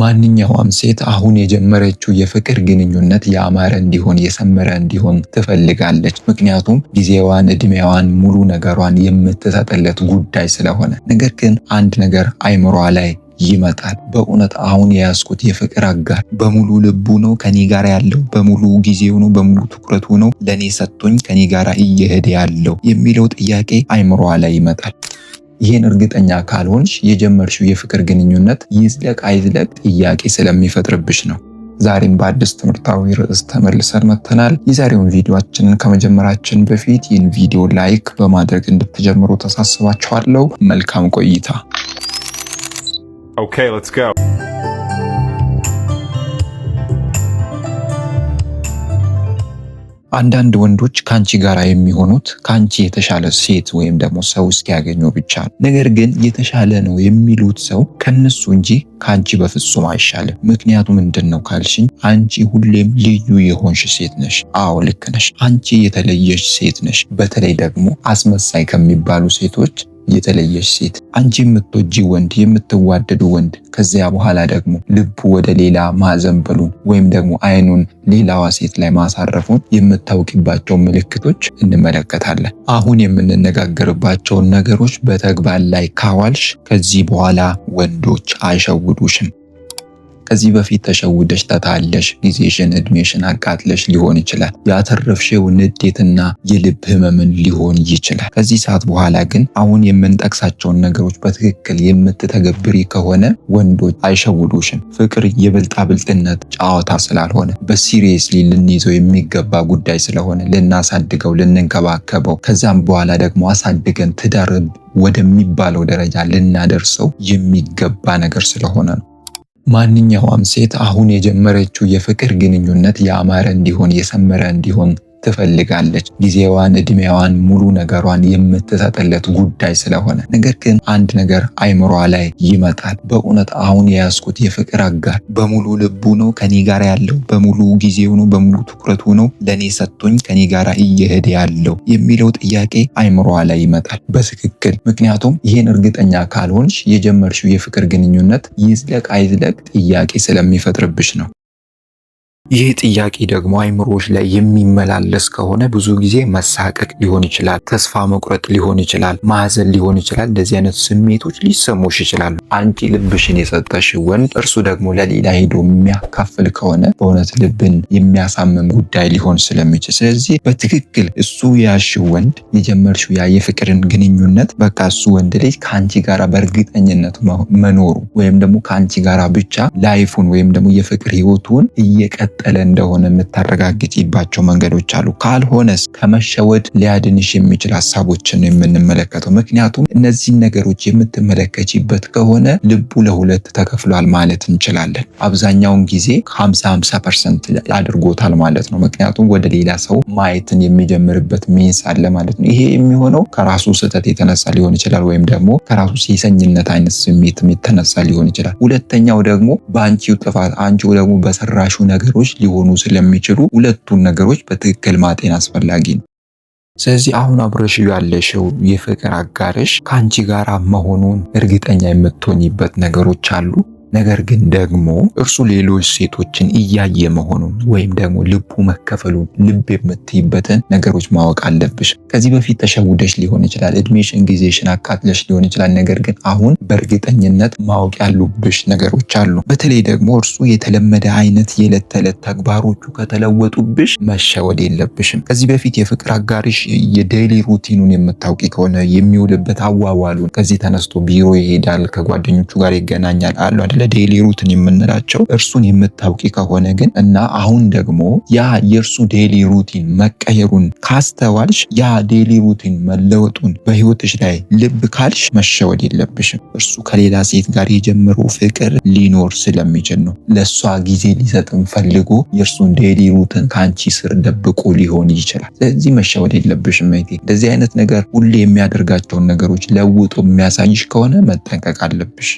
ማንኛውም ሴት አሁን የጀመረችው የፍቅር ግንኙነት ያማረ እንዲሆን የሰመረ እንዲሆን ትፈልጋለች። ምክንያቱም ጊዜዋን፣ እድሜዋን፣ ሙሉ ነገሯን የምትሰጥለት ጉዳይ ስለሆነ። ነገር ግን አንድ ነገር አይምሯ ላይ ይመጣል። በእውነት አሁን የያዝኩት የፍቅር አጋር በሙሉ ልቡ ነው ከኔ ጋር ያለው በሙሉ ጊዜው ነው በሙሉ ትኩረቱ ነው ለእኔ ሰጥቶኝ ከኔ ጋር እየሄደ ያለው የሚለው ጥያቄ አይምሯ ላይ ይመጣል። ይህን እርግጠኛ ካልሆንሽ የጀመርሽው የፍቅር ግንኙነት ይዝለቅ አይዝለቅ ጥያቄ ስለሚፈጥርብሽ ነው። ዛሬም በአዲስ ትምህርታዊ ርዕስ ተመልሰን መጥተናል። የዛሬውን ቪዲዮችንን ከመጀመራችን በፊት ይህን ቪዲዮ ላይክ በማድረግ እንድትጀምሩ ተሳስባችኋለሁ። መልካም ቆይታ። ኦኬ ሌትስ ጎ አንዳንድ ወንዶች ከአንቺ ጋር የሚሆኑት ከአንቺ የተሻለ ሴት ወይም ደግሞ ሰው እስኪያገኙ ብቻ ነው። ነገር ግን የተሻለ ነው የሚሉት ሰው ከነሱ እንጂ ከአንቺ በፍጹም አይሻልም። ምክንያቱ ምንድን ነው ካልሽኝ፣ አንቺ ሁሌም ልዩ የሆንሽ ሴት ነሽ። አዎ ልክ ነሽ። አንቺ የተለየሽ ሴት ነሽ። በተለይ ደግሞ አስመሳይ ከሚባሉ ሴቶች የተለየች ሴት፣ አንቺ የምትወጂ ወንድ፣ የምትዋደዱ ወንድ። ከዚያ በኋላ ደግሞ ልቡ ወደ ሌላ ማዘንበሉን ወይም ደግሞ አይኑን ሌላዋ ሴት ላይ ማሳረፉን የምታውቂባቸው ምልክቶች እንመለከታለን። አሁን የምንነጋገርባቸውን ነገሮች በተግባር ላይ ካዋልሽ ከዚህ በኋላ ወንዶች አይሸውዱሽም። ከዚህ በፊት ተሸውደሽ ተታለሽ ጊዜሽን እድሜሽን አቃጥለሽ ሊሆን ይችላል። ያተረፍሽው ንዴትና የልብ ህመምን ሊሆን ይችላል። ከዚህ ሰዓት በኋላ ግን አሁን የምንጠቅሳቸውን ነገሮች በትክክል የምትተገብሪ ከሆነ ወንዶች አይሸውዱሽም። ፍቅር የብልጣብልጥነት ጨዋታ ስላልሆነ በሲሪየስሊ ልንይዘው የሚገባ ጉዳይ ስለሆነ ልናሳድገው፣ ልንንከባከበው ከዛም በኋላ ደግሞ አሳድገን ትዳርብ ወደሚባለው ደረጃ ልናደርሰው የሚገባ ነገር ስለሆነ ነው። ማንኛውም ሴት አሁን የጀመረችው የፍቅር ግንኙነት ያማረ እንዲሆን የሰመረ እንዲሆን ትፈልጋለች። ጊዜዋን፣ እድሜዋን፣ ሙሉ ነገሯን የምትሰጥለት ጉዳይ ስለሆነ። ነገር ግን አንድ ነገር አይምሯ ላይ ይመጣል። በእውነት አሁን የያዝኩት የፍቅር አጋር በሙሉ ልቡ ነው ከኔ ጋር ያለው፣ በሙሉ ጊዜው ነው፣ በሙሉ ትኩረቱ ነው ለእኔ ሰጥቶኝ ከኔ ጋር እየሄደ ያለው የሚለው ጥያቄ አይምሯ ላይ ይመጣል በትክክል። ምክንያቱም ይህን እርግጠኛ ካልሆንሽ የጀመርሽው የፍቅር ግንኙነት ይዝለቅ አይዝለቅ ጥያቄ ስለሚፈጥርብሽ ነው። ይህ ጥያቄ ደግሞ አይምሮዎች ላይ የሚመላለስ ከሆነ ብዙ ጊዜ መሳቀቅ ሊሆን ይችላል፣ ተስፋ መቁረጥ ሊሆን ይችላል፣ ማዘን ሊሆን ይችላል። እንደዚህ አይነት ስሜቶች ሊሰሙሽ ይችላሉ። አንቺ ልብሽን የሰጠሽ ወንድ እርሱ ደግሞ ለሌላ ሄዶ የሚያካፍል ከሆነ በእውነት ልብን የሚያሳምም ጉዳይ ሊሆን ስለሚችል፣ ስለዚህ በትክክል እሱ ያሽ ወንድ የጀመርሽው ያ የፍቅርን ግንኙነት በቃ እሱ ወንድ ልጅ ከአንቺ ጋራ በእርግጠኝነት መኖሩ ወይም ደግሞ ከአንቺ ጋራ ብቻ ላይፉን ወይም ደግሞ የፍቅር ህይወቱን እየቀጠ የቀጠለ እንደሆነ የምታረጋግጪባቸው መንገዶች አሉ። ካልሆነስ ከመሸወድ ሊያድንሽ የሚችል ሀሳቦችን ነው የምንመለከተው። ምክንያቱም እነዚህን ነገሮች የምትመለከችበት ከሆነ ልቡ ለሁለት ተከፍሏል ማለት እንችላለን። አብዛኛውን ጊዜ ከ50 50 ፐርሰንት አድርጎታል ማለት ነው። ምክንያቱም ወደ ሌላ ሰው ማየትን የሚጀምርበት ሚንስ አለ ማለት ነው። ይሄ የሚሆነው ከራሱ ስህተት የተነሳ ሊሆን ይችላል፣ ወይም ደግሞ ከራሱ የሰኝነት አይነት ስሜት የተነሳ ሊሆን ይችላል። ሁለተኛው ደግሞ በአንቺው ጥፋት አንቺው ደግሞ በሰራሹ ነገሮች ነገሮች ሊሆኑ ስለሚችሉ ሁለቱን ነገሮች በትክክል ማጤን አስፈላጊ ነው። ስለዚህ አሁን አብረሽው ያለሽው የፍቅር አጋርሽ ከአንቺ ጋር መሆኑን እርግጠኛ የምትሆኝበት ነገሮች አሉ። ነገር ግን ደግሞ እርሱ ሌሎች ሴቶችን እያየ መሆኑን ወይም ደግሞ ልቡ መከፈሉን ልብ የምትይበትን ነገሮች ማወቅ አለብሽ። ከዚህ በፊት ተሸውደሽ ሊሆን ይችላል፣ እድሜሽን ጊዜሽን አካትለሽ ሊሆን ይችላል። ነገር ግን አሁን በእርግጠኝነት ማወቅ ያሉብሽ ነገሮች አሉ። በተለይ ደግሞ እርሱ የተለመደ አይነት የዕለት ተዕለት ተግባሮቹ ከተለወጡብሽ መሸወድ የለብሽም። ከዚህ በፊት የፍቅር አጋሪሽ የዴይሊ ሩቲኑን የምታውቂ ከሆነ የሚውልበት አዋዋሉን፣ ከዚህ ተነስቶ ቢሮ ይሄዳል፣ ከጓደኞቹ ጋር ይገናኛል አሉ አይደል ለዴይሊ ሩትን የምንላቸው እርሱን የምታውቂ ከሆነ ግን እና አሁን ደግሞ ያ የእርሱ ዴይሊ ሩቲን መቀየሩን ካስተዋልሽ ያ ዴይሊ ሩቲን መለወጡን በህይወትሽ ላይ ልብ ካልሽ መሸወድ የለብሽም። እርሱ ከሌላ ሴት ጋር የጀምሮ ፍቅር ሊኖር ስለሚችል ነው። ለእሷ ጊዜ ሊሰጥም ፈልጎ የእርሱን ዴይሊ ሩትን ከአንቺ ስር ደብቆ ሊሆን ይችላል። ስለዚህ መሸወድ የለብሽም። ማይቴ እንደዚህ አይነት ነገር ሁሌ የሚያደርጋቸውን ነገሮች ለውጦ የሚያሳይሽ ከሆነ መጠንቀቅ አለብሽ።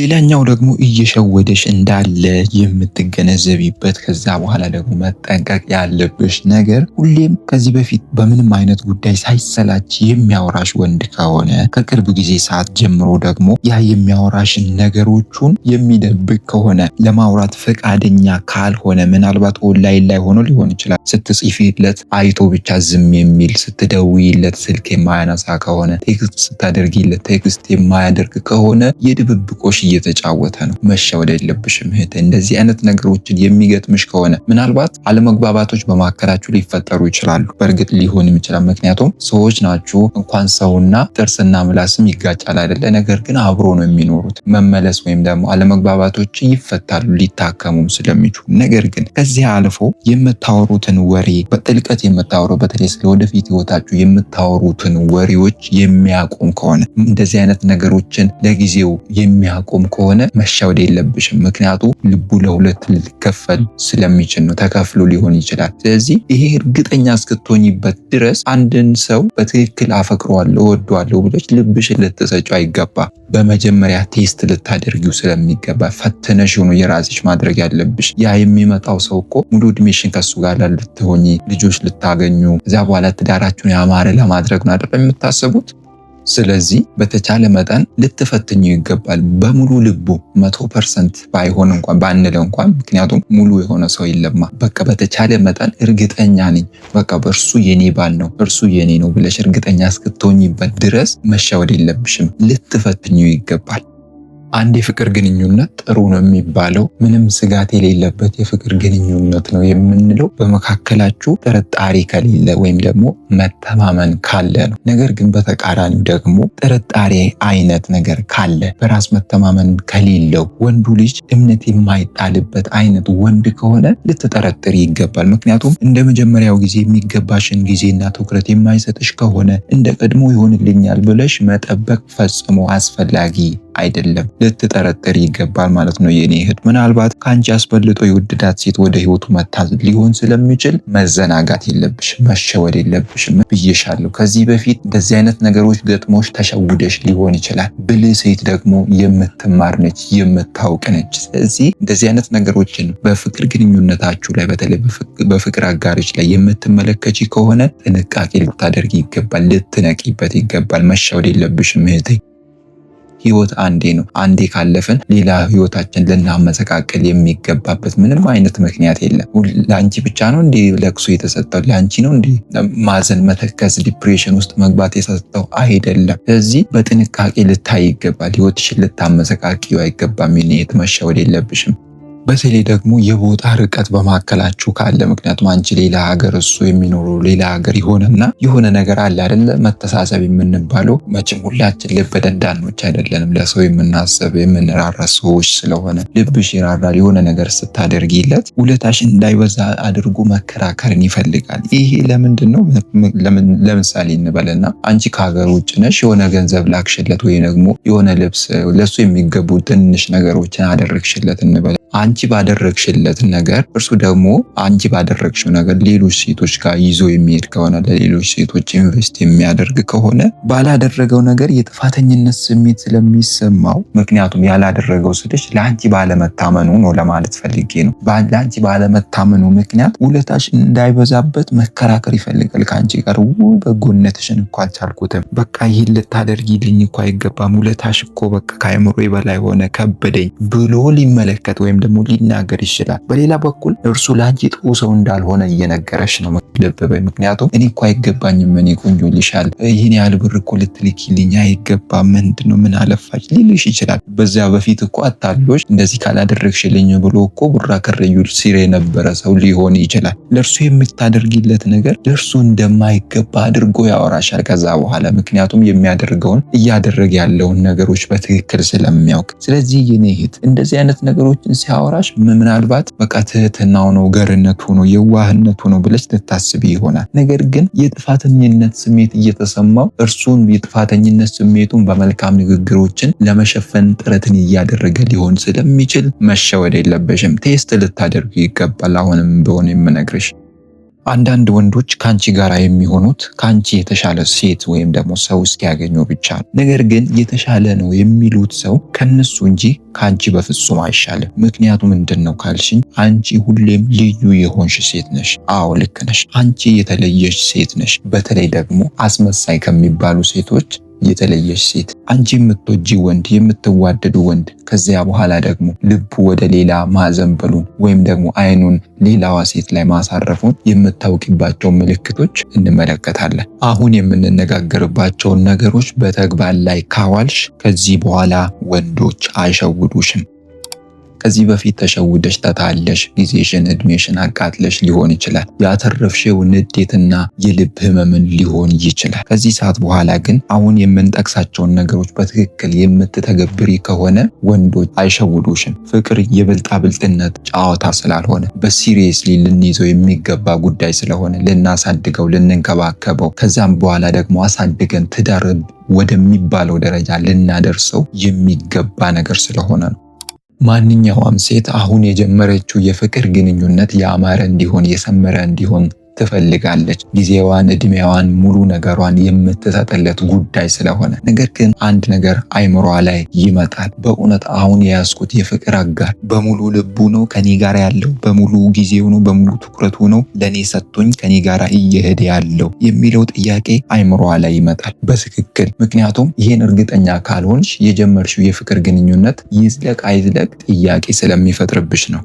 ሌላኛው ደግሞ እየሸወደሽ እንዳለ የምትገነዘቢበት ከዛ በኋላ ደግሞ መጠንቀቅ ያለብሽ ነገር ሁሌም ከዚህ በፊት በምንም አይነት ጉዳይ ሳይሰላች የሚያወራሽ ወንድ ከሆነ ከቅርብ ጊዜ ሰዓት ጀምሮ ደግሞ ያ የሚያወራሽን ነገሮቹን የሚደብቅ ከሆነ ለማውራት ፈቃደኛ ካልሆነ ምናልባት ኦንላይን ላይ ሆኖ ሊሆን ይችላል። ስትጽፊለት አይቶ ብቻ ዝም የሚል ስትደውይለት ስልክ የማያነሳ ከሆነ ቴክስት ስታደርጊለት ቴክስት የማያደርግ ከሆነ የድብብቆሽ እየተጫወተ ነው። መሸወድ የለብሽም እህት። እንደዚህ አይነት ነገሮችን የሚገጥምሽ ከሆነ ምናልባት አለመግባባቶች በመካከላችሁ ሊፈጠሩ ይችላሉ። በእርግጥ ሊሆን ይችላል። ምክንያቱም ሰዎች ናችሁ። እንኳን ሰውና ጥርስና ምላስም ይጋጫል አይደለ? ነገር ግን አብሮ ነው የሚኖሩት። መመለስ ወይም ደግሞ አለመግባባቶች ይፈታሉ ሊታከሙም ስለሚችሉ። ነገር ግን ከዚህ አልፎ የምታወሩትን ወሬ በጥልቀት የምታወረው በተለይ ስለ ወደፊት ህይወታችሁ የምታወሩትን ወሬዎች የሚያቆም ከሆነ እንደዚህ አይነት ነገሮችን ለጊዜው የሚያቆም የምታቆም ከሆነ መሻወድ የለብሽም። ምክንያቱ ልቡ ለሁለት ሊከፈል ስለሚችል ነው፣ ተከፍሎ ሊሆን ይችላል። ስለዚህ ይሄ እርግጠኛ እስክትሆኝበት ድረስ አንድን ሰው በትክክል አፈቅረዋለሁ፣ እወደዋለሁ ብሎች ልብሽን ልትሰጪው አይገባ። በመጀመሪያ ቴስት ልታደርጊው ስለሚገባ ፈትነሽ ሆኖ የራስሽ ማድረግ ያለብሽ። ያ የሚመጣው ሰው እኮ ሙሉ እድሜሽን ከሱ ጋር ልትሆኝ ልጆች ልታገኙ እዚያ በኋላ ትዳራችሁን ያማረ ለማድረግ ነው አይደለም የምታስቡት። ስለዚህ በተቻለ መጠን ልትፈትኙ ይገባል። በሙሉ ልቡ መቶ ፐርሰንት ባይሆን እንኳን ባንለ እንኳን ምክንያቱም ሙሉ የሆነ ሰው የለማ። በቃ በተቻለ መጠን እርግጠኛ ነኝ በቃ በእርሱ የኔ ባል ነው እርሱ የኔ ነው ብለሽ እርግጠኛ እስክትሆኝበት ድረስ መሸወድ የለብሽም። ልትፈትኙ ይገባል። አንድ የፍቅር ግንኙነት ጥሩ ነው የሚባለው ምንም ስጋት የሌለበት የፍቅር ግንኙነት ነው የምንለው በመካከላችሁ ጥርጣሬ ከሌለ ወይም ደግሞ መተማመን ካለ ነው። ነገር ግን በተቃራኒ ደግሞ ጥርጣሬ አይነት ነገር ካለ በራስ መተማመን ከሌለው ወንዱ ልጅ እምነት የማይጣልበት አይነት ወንድ ከሆነ ልትጠረጥር ይገባል። ምክንያቱም እንደ መጀመሪያው ጊዜ የሚገባሽን ጊዜና ትኩረት የማይሰጥሽ ከሆነ እንደ ቀድሞ ይሆንልኛል ብለሽ መጠበቅ ፈጽሞ አስፈላጊ አይደለም። ልትጠረጥር ይገባል ማለት ነው። የኔ እህት ምናልባት ከአንቺ አስበልጦ የወደዳት ሴት ወደ ህይወቱ መታ ሊሆን ስለሚችል መዘናጋት የለብሽ መሸወድ የለብሽ ብዬሻለሁ። ከዚህ በፊት እንደዚህ አይነት ነገሮች ገጥሞሽ ተሸውደሽ ሊሆን ይችላል። ብልህ ሴት ደግሞ የምትማር ነች፣ የምታውቅ ነች። ስለዚህ እንደዚህ አይነት ነገሮችን በፍቅር ግንኙነታችሁ ላይ በተለይ በፍቅር አጋሪች ላይ የምትመለከች ከሆነ ጥንቃቄ ልታደርግ ይገባል፣ ልትነቂበት ይገባል። መሸወድ የለብሽም እህቴ። ህይወት አንዴ ነው። አንዴ ካለፍን ሌላ ህይወታችን ልናመሰቃቅል የሚገባበት ምንም አይነት ምክንያት የለም። ለአንቺ ብቻ ነው እንዲ ለቅሶ የተሰጠው? ለአንቺ ነው እንዲ ማዘን፣ መተከዝ፣ ዲፕሬሽን ውስጥ መግባት የተሰጠው አይደለም። ስለዚህ በጥንቃቄ ልታይ ይገባል። ህይወትሽን ልታመሰቃቂው አይገባም። የትመሻወል የለብሽም። በተለይ ደግሞ የቦታ ርቀት በመካከላችሁ ካለ ምክንያቱም አንቺ ሌላ ሀገር እሱ የሚኖሩ ሌላ ሀገር ይሆንና የሆነ ነገር አለ አይደለ? መተሳሰብ የምንባለው መቼም ሁላችን ልብ ደንዳኖች አይደለንም። ለሰው የምናስብ የምንራራ ሰዎች ስለሆነ ልብሽ ይራራል። የሆነ ነገር ስታደርጊለት ውለታሽ እንዳይበዛ አድርጎ መከራከርን ይፈልጋል። ይሄ ለምንድን ነው? ለምሳሌ እንበልና አንቺ ከሀገር ውጭ ነሽ፣ የሆነ ገንዘብ ላክሽለት ወይ ደግሞ የሆነ ልብስ ለሱ የሚገቡ ትንሽ ነገሮችን አደረግሽለት እንበል አንቺ ባደረግሽለት ነገር እርሱ ደግሞ አንቺ ባደረግሽው ነገር ሌሎች ሴቶች ጋር ይዞ የሚሄድ ከሆነ ለሌሎች ሴቶች ኢንቨስት የሚያደርግ ከሆነ ባላደረገው ነገር የጥፋተኝነት ስሜት ስለሚሰማው ምክንያቱም ያላደረገው ስልሽ ለአንቺ ባለመታመኑ ነው ለማለት ፈልጌ ነው። ለአንቺ ባለመታመኑ ምክንያት ውለታሽ እንዳይበዛበት መከራከር ይፈልጋል ከአንቺ ጋር ው በጎነትሽን እኮ አልቻልኩትም፣ በቃ ይህን ልታደርጊልኝ እኮ አይገባም፣ ውለታሽ እኮ በቃ ከአይምሮ በላይ ሆነ ከበደኝ ብሎ ሊመለከት ወይም ደግሞ ሊናገር ይችላል። በሌላ በኩል እርሱ ለአንቺ ጥሩ ሰው እንዳልሆነ እየነገረሽ ነው። ደበበኝ። ምክንያቱም እኔ እኮ አይገባኝም፣ እኔ ቆንጆ ልሻል፣ ይህን ያህል ብር እኮ ልትልኪልኝ አይገባም፣ ምንድን ነው ምን አለፋች ሊልሽ ይችላል። በዚያ በፊት እኮ አታሎች እንደዚህ ካላደረግሽልኝ ብሎ እኮ ቡራ ከረዩ ሲር የነበረ ሰው ሊሆን ይችላል። ለእርሱ የምታደርጊለት ነገር ለእርሱ እንደማይገባ አድርጎ ያወራሻል ከዛ በኋላ ምክንያቱም የሚያደርገውን እያደረገ ያለውን ነገሮች በትክክል ስለሚያውቅ። ስለዚህ የኔ እህት እንደዚህ አይነት ነገሮችን ሲያወራሽ ምናልባት በቃ ትህትናው ነው ገርነቱ ነው የዋህነቱ ነው ብለች ልታ ያስብ ይሆናል። ነገር ግን የጥፋተኝነት ስሜት እየተሰማው እርሱን የጥፋተኝነት ስሜቱን በመልካም ንግግሮችን ለመሸፈን ጥረትን እያደረገ ሊሆን ስለሚችል መሸወድ የለበሽም። ቴስት ልታደርጉ ይገባል። አሁንም ቢሆን የምነግርሽ አንዳንድ ወንዶች ከአንቺ ጋር የሚሆኑት ከአንቺ የተሻለ ሴት ወይም ደግሞ ሰው እስኪያገኙ ብቻ ነው። ነገር ግን የተሻለ ነው የሚሉት ሰው ከነሱ እንጂ ከአንቺ በፍጹም አይሻልም። ምክንያቱ ምንድን ነው ካልሽኝ፣ አንቺ ሁሌም ልዩ የሆንሽ ሴት ነሽ። አዎ ልክ ነሽ። አንቺ የተለየሽ ሴት ነሽ። በተለይ ደግሞ አስመሳይ ከሚባሉ ሴቶች የተለየች ሴት፣ አንቺ የምትወጂ ወንድ፣ የምትዋደዱ ወንድ። ከዚያ በኋላ ደግሞ ልቡ ወደ ሌላ ማዘንበሉን ወይም ደግሞ አይኑን ሌላዋ ሴት ላይ ማሳረፉን የምታውቂባቸው ምልክቶች እንመለከታለን። አሁን የምንነጋገርባቸውን ነገሮች በተግባር ላይ ካዋልሽ ከዚህ በኋላ ወንዶች አይሸውዱሽም። ከዚህ በፊት ተሸውደሽ ተታለሽ ጊዜሽን እድሜሽን አቃጥለሽ ሊሆን ይችላል። ያተረፍሽው ንዴትና የልብ ህመምን ሊሆን ይችላል። ከዚህ ሰዓት በኋላ ግን አሁን የምንጠቅሳቸውን ነገሮች በትክክል የምትተገብሪ ከሆነ ወንዶች አይሸውዱሽም። ፍቅር የብልጣብልጥነት ጨዋታ ስላልሆነ በሲሪየስሊ ልንይዘው የሚገባ ጉዳይ ስለሆነ ልናሳድገው፣ ልንንከባከበው ከዛም በኋላ ደግሞ አሳድገን ትዳርብ ወደሚባለው ደረጃ ልናደርሰው የሚገባ ነገር ስለሆነ ነው። ማንኛውም ሴት አሁን የጀመረችው የፍቅር ግንኙነት ያማረ እንዲሆን የሰመረ እንዲሆን ትፈልጋለች። ጊዜዋን፣ እድሜዋን፣ ሙሉ ነገሯን የምትሰጥለት ጉዳይ ስለሆነ። ነገር ግን አንድ ነገር አይምሯ ላይ ይመጣል። በእውነት አሁን የያዝኩት የፍቅር አጋር በሙሉ ልቡ ነው ከኔ ጋር ያለው፣ በሙሉ ጊዜው ነው፣ በሙሉ ትኩረቱ ነው ለእኔ ሰጥቶኝ ከኔ ጋር እየሄደ ያለው የሚለው ጥያቄ አይምሯ ላይ ይመጣል በትክክል። ምክንያቱም ይህን እርግጠኛ ካልሆንሽ የጀመርሽው የፍቅር ግንኙነት ይዝለቅ አይዝለቅ ጥያቄ ስለሚፈጥርብሽ ነው።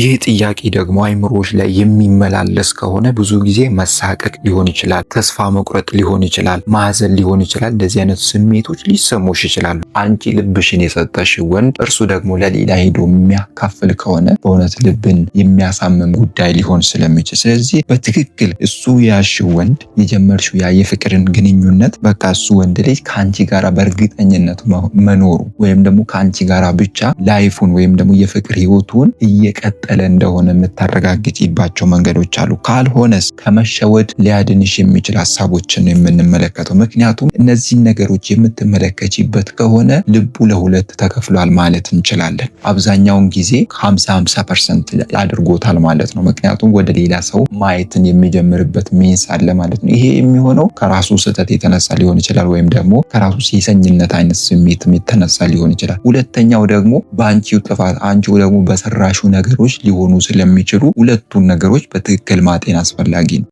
ይህ ጥያቄ ደግሞ አይምሮዎች ላይ የሚመላለስ ከሆነ ብዙ ጊዜ መሳቀቅ ሊሆን ይችላል፣ ተስፋ መቁረጥ ሊሆን ይችላል፣ ማዘን ሊሆን ይችላል። እንደዚህ አይነት ስሜቶች ሊሰሙሽ ይችላሉ። አንቺ ልብሽን የሰጠሽ ወንድ እርሱ ደግሞ ለሌላ ሄዶ የሚያካፍል ከሆነ በእውነት ልብን የሚያሳምም ጉዳይ ሊሆን ስለሚችል፣ ስለዚህ በትክክል እሱ ያሽ ወንድ የጀመርሽው ያ የፍቅርን ግንኙነት በቃ እሱ ወንድ ልጅ ከአንቺ ጋራ በእርግጠኝነት መኖሩ ወይም ደግሞ ከአንቺ ጋራ ብቻ ላይፉን ወይም ደግሞ የፍቅር ህይወቱን እየቀ እንደቀጠለ እንደሆነ የምታረጋግጭባቸው መንገዶች አሉ። ካልሆነስ ከመሸወድ ሊያድንሽ የሚችል ሀሳቦችን ነው የምንመለከተው። ምክንያቱም እነዚህን ነገሮች የምትመለከችበት ከሆነ ልቡ ለሁለት ተከፍሏል ማለት እንችላለን። አብዛኛውን ጊዜ ከ50 50 ፐርሰንት አድርጎታል ማለት ነው። ምክንያቱም ወደ ሌላ ሰው ማየትን የሚጀምርበት ሚንስ አለ ማለት ነው። ይሄ የሚሆነው ከራሱ ስህተት የተነሳ ሊሆን ይችላል፣ ወይም ደግሞ ከራሱ የሰኝነት አይነት ስሜት የተነሳ ሊሆን ይችላል። ሁለተኛው ደግሞ በአንቺው ጥፋት አንቺው ደግሞ በሰራሹ ነገሮች ነገሮች ሊሆኑ ስለሚችሉ ሁለቱን ነገሮች በትክክል ማጤን አስፈላጊ ነው።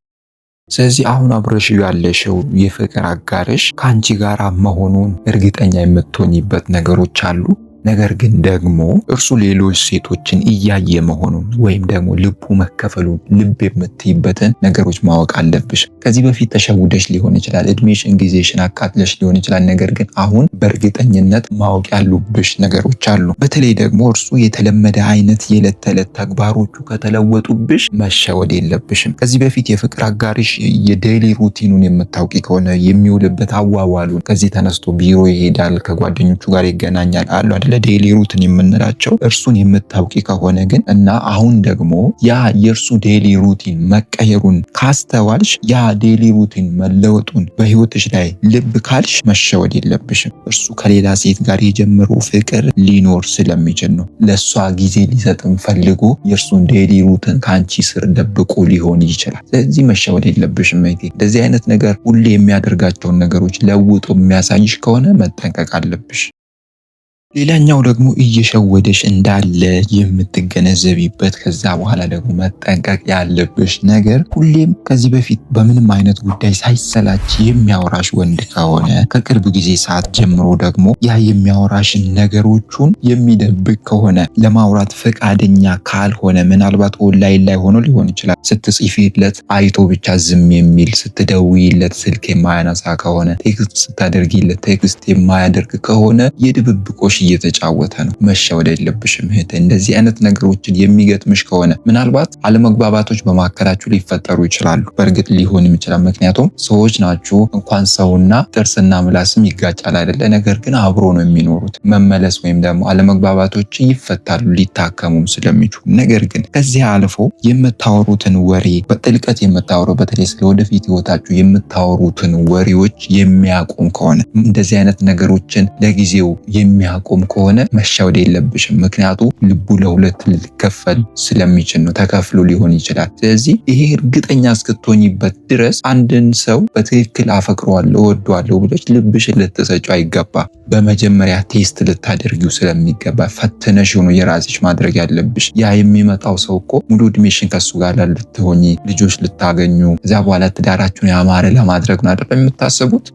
ስለዚህ አሁን አብረሽው ያለሽው የፍቅር አጋርሽ ከአንቺ ጋር መሆኑን እርግጠኛ የምትሆኝበት ነገሮች አሉ። ነገር ግን ደግሞ እርሱ ሌሎች ሴቶችን እያየ መሆኑን ወይም ደግሞ ልቡ መከፈሉን ልብ የምትይበትን ነገሮች ማወቅ አለብሽ። ከዚህ በፊት ተሸውደሽ ሊሆን ይችላል፣ እድሜሽን ጊዜሽን አካትለሽ ሊሆን ይችላል። ነገር ግን አሁን በእርግጠኝነት ማወቅ ያሉብሽ ነገሮች አሉ። በተለይ ደግሞ እርሱ የተለመደ አይነት የዕለት ተዕለት ተግባሮቹ ከተለወጡብሽ መሸወድ የለብሽም። ከዚህ በፊት የፍቅር አጋሪሽ የዴይሊ ሩቲኑን የምታውቂ ከሆነ የሚውልበት አዋዋሉን፣ ከዚህ ተነስቶ ቢሮ ይሄዳል፣ ከጓደኞቹ ጋር ይገናኛል አሉ አይደል ለዴይሊ ሩትን የምንላቸው እርሱን የምታውቂ ከሆነ ግን እና አሁን ደግሞ ያ የእርሱ ዴይሊ ሩቲን መቀየሩን ካስተዋልሽ ያ ዴይሊ ሩቲን መለወጡን በህይወትሽ ላይ ልብ ካልሽ መሸወድ የለብሽም። እርሱ ከሌላ ሴት ጋር የጀምሮ ፍቅር ሊኖር ስለሚችል ነው። ለእሷ ጊዜ ሊሰጥም ፈልጎ የእርሱን ዴይሊ ሩትን ከአንቺ ስር ደብቆ ሊሆን ይችላል። ስለዚህ መሸወድ የለብሽም። ማይቴ እንደዚህ አይነት ነገር ሁሌ የሚያደርጋቸውን ነገሮች ለውጦ የሚያሳይሽ ከሆነ መጠንቀቅ አለብሽ። ሌላኛው ደግሞ እየሸወደሽ እንዳለ የምትገነዘቢበት ከዛ በኋላ ደግሞ መጠንቀቅ ያለብሽ ነገር ሁሌም ከዚህ በፊት በምንም አይነት ጉዳይ ሳይሰላች የሚያወራሽ ወንድ ከሆነ ከቅርብ ጊዜ ሰዓት ጀምሮ ደግሞ ያ የሚያወራሽን ነገሮቹን የሚደብቅ ከሆነ ለማውራት ፈቃደኛ ካልሆነ ምናልባት ኦንላይን ላይ ሆኖ ሊሆን ይችላል። ስትጽፊለት አይቶ ብቻ ዝም የሚል ስትደውይለት ስልክ የማያነሳ ከሆነ ቴክስት ስታደርጊለት ቴክስት የማያደርግ ከሆነ የድብብቆሽ እየተጫወተ ነው። መሸወድ የለብሽም እህት። እንደዚህ አይነት ነገሮችን የሚገጥምሽ ከሆነ ምናልባት አለመግባባቶች በመካከላችሁ ሊፈጠሩ ይችላሉ። በእርግጥ ሊሆን ይችላል። ምክንያቱም ሰዎች ናችሁ። እንኳን ሰውና ጥርስና ምላስም ይጋጫል አይደለ? ነገር ግን አብሮ ነው የሚኖሩት። መመለስ ወይም ደግሞ አለመግባባቶች ይፈታሉ ሊታከሙም ስለሚችሉ። ነገር ግን ከዚህ አልፎ የምታወሩትን ወሬ በጥልቀት የምታወረው በተለይ ስለ ወደፊት ህይወታችሁ የምታወሩትን ወሬዎች የሚያቆም ከሆነ እንደዚህ አይነት ነገሮችን ለጊዜው የሚያቆም የሚቆም ከሆነ መሻወድ የለብሽም። ምክንያቱ ልቡ ለሁለት ሊከፈል ስለሚችል ነው፣ ተከፍሎ ሊሆን ይችላል። ስለዚህ ይሄ እርግጠኛ እስክትሆኝበት ድረስ አንድን ሰው በትክክል አፈቅረዋለሁ፣ እወደዋለሁ ብሎች ልብሽን ልትሰጪው አይገባ። በመጀመሪያ ቴስት ልታደርጊው ስለሚገባ ፈትነሽ ሆኖ የራስሽ ማድረግ ያለብሽ። ያ የሚመጣው ሰው እኮ ሙሉ እድሜሽን ከሱ ጋር ልትሆኝ ልጆች ልታገኙ እዚያ በኋላ ትዳራችሁን ያማረ ለማድረግ ነው አይደለም የምታስቡት።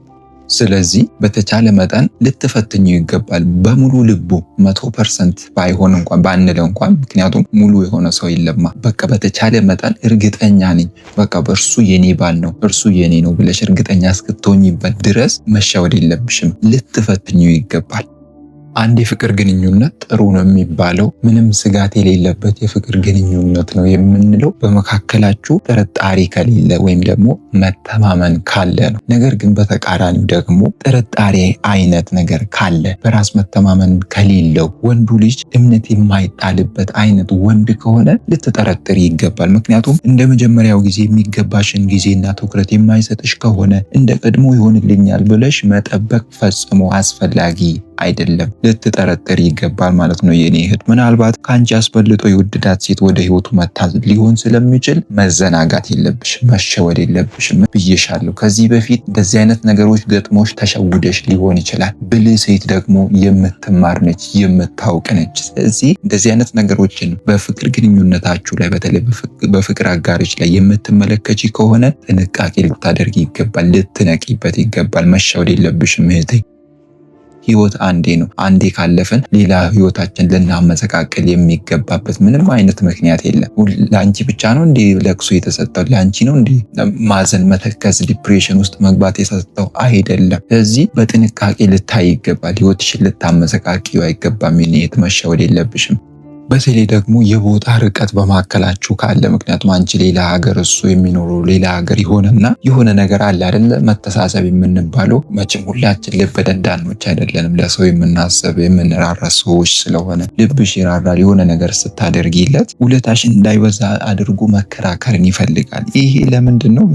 ስለዚህ በተቻለ መጠን ልትፈትኙ ይገባል። በሙሉ ልቡ መቶ ፐርሰንት ባይሆን እንኳን ባንለው እንኳን ምክንያቱም ሙሉ የሆነ ሰው የለማ። በቃ በተቻለ መጠን እርግጠኛ ነኝ በቃ በእርሱ የኔ ባል ነው እርሱ የኔ ነው ብለሽ እርግጠኛ እስክትሆኝበት ድረስ መሸወድ የለብሽም። ልትፈትኙ ይገባል። አንድ የፍቅር ግንኙነት ጥሩ ነው የሚባለው ምንም ስጋት የሌለበት የፍቅር ግንኙነት ነው የምንለው በመካከላችሁ ጥርጣሬ ከሌለ ወይም ደግሞ መተማመን ካለ ነው። ነገር ግን በተቃራኒ ደግሞ ጥርጣሬ አይነት ነገር ካለ በራስ መተማመን ከሌለው ወንዱ ልጅ እምነት የማይጣልበት አይነት ወንድ ከሆነ ልትጠረጥር ይገባል። ምክንያቱም እንደ መጀመሪያው ጊዜ የሚገባሽን ጊዜና ትኩረት የማይሰጥሽ ከሆነ እንደ ቀድሞ ይሆንልኛል ብለሽ መጠበቅ ፈጽሞ አስፈላጊ አይደለም ልትጠረጥር ይገባል ማለት ነው የኔ እህት። ምናልባት ከአንቺ አስበልጦ የወደዳት ሴት ወደ ህይወቱ መታ ሊሆን ስለሚችል መዘናጋት የለብሽ መሸወድ የለብሽ ብዬሻለሁ። ከዚህ በፊት እንደዚህ አይነት ነገሮች ገጥሞች ተሸውደሽ ሊሆን ይችላል። ብልህ ሴት ደግሞ የምትማር ነች፣ የምታውቅ ነች። ስለዚህ እንደዚህ አይነት ነገሮችን በፍቅር ግንኙነታችሁ ላይ በተለይ በፍቅር አጋሪች ላይ የምትመለከች ከሆነ ጥንቃቄ ልታደርግ ይገባል፣ ልትነቂበት ይገባል። መሸወድ የለብሽም እህቴ። ህይወት አንዴ ነው። አንዴ ካለፈን ሌላ ህይወታችን ልናመሰቃቅል የሚገባበት ምንም አይነት ምክንያት የለም። ለአንቺ ብቻ ነው እንዲ ለቅሶ የተሰጠው? ለአንቺ ነው እንዲ ማዘን፣ መተከዝ፣ ዲፕሬሽን ውስጥ መግባት የተሰጠው አይደለም። ስለዚህ በጥንቃቄ ልታይ ይገባል። ህይወትሽን ልታመሰቃቂው አይገባም። የትመሻ ወደ የለብሽም በተለይ ደግሞ የቦታ ርቀት በመካከላችሁ ካለ ምክንያቱም አንቺ ሌላ ሀገር እሱ የሚኖረው ሌላ ሀገር ይሆንና የሆነ ነገር አለ አይደለ? መተሳሰብ የምንባለው መቼም ሁላችን ልብ ደንዳኖች አይደለንም። ለሰው የምናስብ የምንራራ ሰዎች ስለሆነ ልብሽ ይራራል። የሆነ ነገር ስታደርጊለት ውለታሽን እንዳይበዛ አድርጎ መከራከርን ይፈልጋል። ይሄ ለምንድን ነው?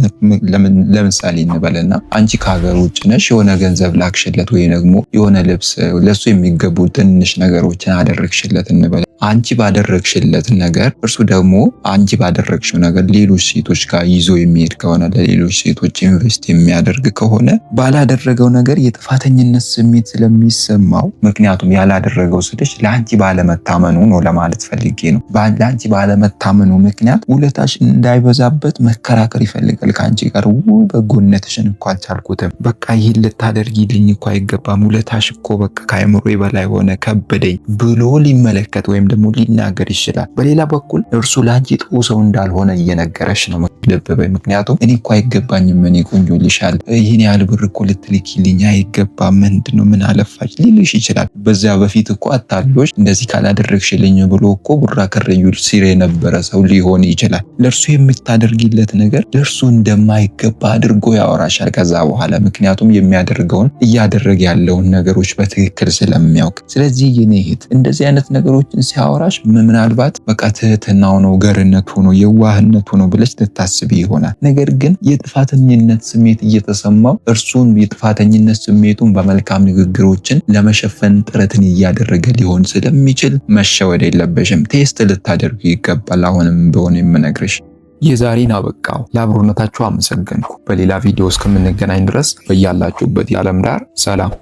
ለምሳሌ እንበልና አንቺ ከሀገር ውጭ ነሽ፣ የሆነ ገንዘብ ላክሽለት ወይ ደግሞ የሆነ ልብስ ለሱ የሚገቡ ትንሽ ነገሮችን አደረግሽለት እንበል አንቺ ባደረግሽለት ነገር እርሱ ደግሞ አንቺ ባደረግሽው ነገር ሌሎች ሴቶች ጋር ይዞ የሚሄድ ከሆነ ለሌሎች ሴቶች ኢንቨስት የሚያደርግ ከሆነ ባላደረገው ነገር የጥፋተኝነት ስሜት ስለሚሰማው፣ ምክንያቱም ያላደረገው ስልሽ ለአንቺ ባለመታመኑ ነው ለማለት ፈልጌ ነው። ለአንቺ ባለመታመኑ ምክንያት ውለታሽ እንዳይበዛበት መከራከር ይፈልጋል ከአንቺ ጋር። ውይ በጎነትሽን እኮ አልቻልኩትም፣ በቃ ይህን ልታደርጊልኝ እኮ አይገባም፣ ውለታሽ እኮ በቃ ከአይምሮ በላይ ሆነ ከበደኝ ብሎ ሊመለከት ወይም ደግሞ ሊናገር ይችላል። በሌላ በኩል እርሱ ለአንቺ ጥሩ ሰው እንዳልሆነ እየነገረሽ ነው ደበበኝ። ምክንያቱም እኔ እኮ አይገባኝም፣ እኔ ቆንጆ ልሻል፣ ይህን ያህል ብር እኮ ልትልኪልኝ አይገባም፣ ምንድን ምን አለፋች ሊልሽ ይችላል። በዚያ በፊት እኮ አታሎች እንደዚህ ካላደረግሽልኝ ብሎ እኮ ቡራ ከረዩ ሲል የነበረ ሰው ሊሆን ይችላል። ለእርሱ የምታደርጊለት ነገር ለእርሱ እንደማይገባ አድርጎ ያወራሻል ከዛ በኋላ ምክንያቱም የሚያደርገውን እያደረገ ያለውን ነገሮች በትክክል ስለሚያውቅ። ስለዚህ የኔ እህት እንደዚህ አይነት ነገሮችን ሲያ ስታወራሽ ምናልባት በቃ ትህትናው ነው፣ ገርነቱ ነው፣ የዋህነቱ ነው ብለሽ ልታስቢ ይሆናል። ነገር ግን የጥፋተኝነት ስሜት እየተሰማው እርሱን የጥፋተኝነት ስሜቱን በመልካም ንግግሮችን ለመሸፈን ጥረትን እያደረገ ሊሆን ስለሚችል መሸወድ የለበሽም። ቴስት ልታደርጉ ይገባል። አሁንም ቢሆን የምነግርሽ የዛሬን አበቃው። ለአብሮነታችሁ አመሰገንኩ። በሌላ ቪዲዮ እስከምንገናኝ ድረስ በያላችሁበት የዓለም ዳር ሰላም